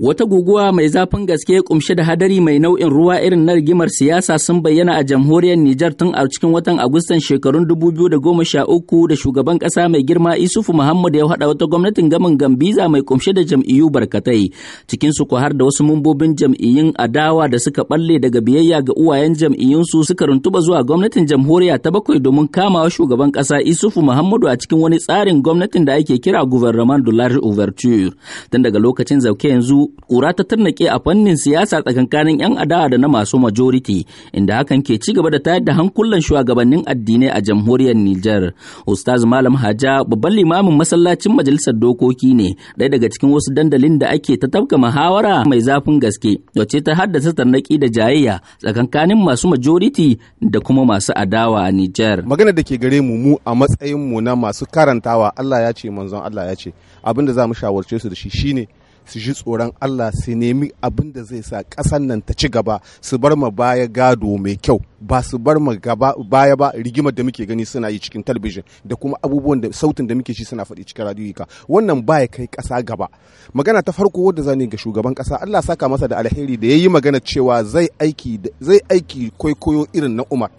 Wata guguwa mai zafin gaske kumshe da hadari mai nau'in ruwa irin na rigimar siyasa sun bayyana a jamhuriyar Nijar tun a cikin watan Agustan shekarun 2013 da shugaban ƙasa mai girma Isufu Muhammad ya haɗa wata gwamnatin gamin Gambiza mai kumshe da jam'iyyu barkatai cikin su ko har da wasu mambobin jam'iyyun adawa da suka balle daga biyayya ga uwayen jam'iyyunsu suka runtuba zuwa gwamnatin jamhuriya ta bakwai domin kamawa shugaban ƙasa Isufu Muhammadu a cikin wani tsarin gwamnatin da ake kira Gouvernement de large ouverture tun daga lokacin zauke yanzu Ƙura kura ta tarnake a fannin siyasa tsakankanin 'yan adawa da na masu majority inda hakan ke ci gaba da tayar da hankulan shugabannin addinai a jamhuriyar Nijar. Ustaz Malam Haja babban limamin masallacin majalisar dokoki ne ɗaya daga cikin wasu dandalin da ake ta tabka muhawara mai zafin gaske wacce ta haddasa tarnaki da jayayya tsakankanin masu majority da kuma masu adawa a Nijar. Magana da ke gare mu mu a matsayin mu na masu karantawa Allah ya ce manzon Allah ya ce abinda za mu shawarce su da shi shine su ji tsoron Allah su nemi abin da zai sa ƙasan nan ta ci gaba su bar ma baya gado mai kyau ba su bar ma baya ba rigimar da muke gani suna yi cikin talabijin da kuma abubuwan da sautin da muke shi suna faɗi cikin radiyoyika wannan baya kai ƙasa gaba magana ta farko wadda zani ga shugaban ƙasa Allah saka masa da alheri da ya yi magana cewa zai aiki zai aiki kwaikwayo irin na Umar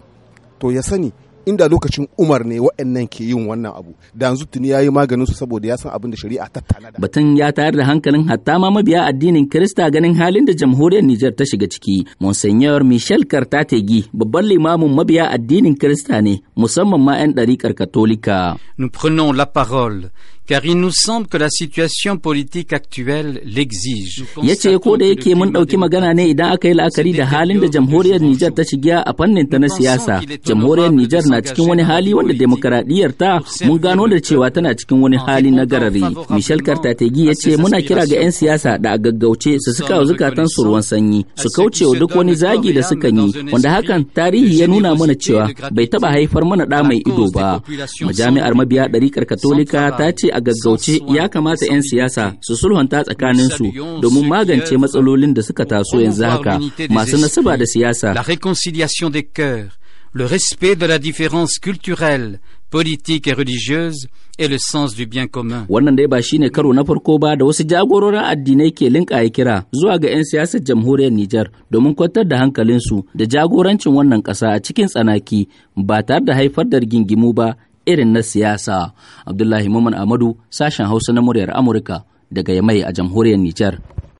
to ya sani inda lokacin umar ne waɗannan ke yin wannan abu da yanzu tuni ya yi maganin su saboda ya san abin da shari'a ta da batun ya tayar da hankalin hatta ma mabiya addinin kirista ganin halin da jamhuriyar nijar ta shiga ciki monsignor michel kartategi babban limamin mabiya addinin kirista ne musamman ma 'yan ɗariƙar katolika nous prenons la parole car il nous semble que la situation politique actuelle l'exige. Ya ce ko da yake mun ɗauki magana ne idan aka yi la'akari da halin da jamhuriyar Nijar ta shiga a fannin ta na siyasa, jamhuriyar Nijar na tana cikin wani hali wanda demokaradiyyar ta mun gano da cewa tana cikin wani hali na garari. Michel Kartategi ya ce muna kira ga 'yan siyasa da a gaggauce su suka zukatan su ruwan sanyi su kauce wa duk wani zagi da suka yi wanda hakan tarihi ya nuna mana cewa bai taba haifar mana da mai ido ba. Majami'ar mabiya ɗarikar Katolika ta ce a gaggauce ya kamata 'yan siyasa su sulhunta tsakanin su domin magance matsalolin da suka taso yanzu haka masu nasaba da siyasa. le respect de la différence culturelle, politique et religieuse et le sens du bien commun. Wannan dai ba shine karo na farko ba da wasu jagororin addinai ke linkaye kira zuwa ga 'yan siyasar jamhuriyar Nijar domin kwantar da hankalinsu da jagorancin wannan ƙasa a cikin tsanaki ba tare da haifar da rigingimu ba irin na siyasa. Abdullahi Maman Amadu, sashen Hausa na muryar Amurka daga Yamai a jamhuriyar Nijar.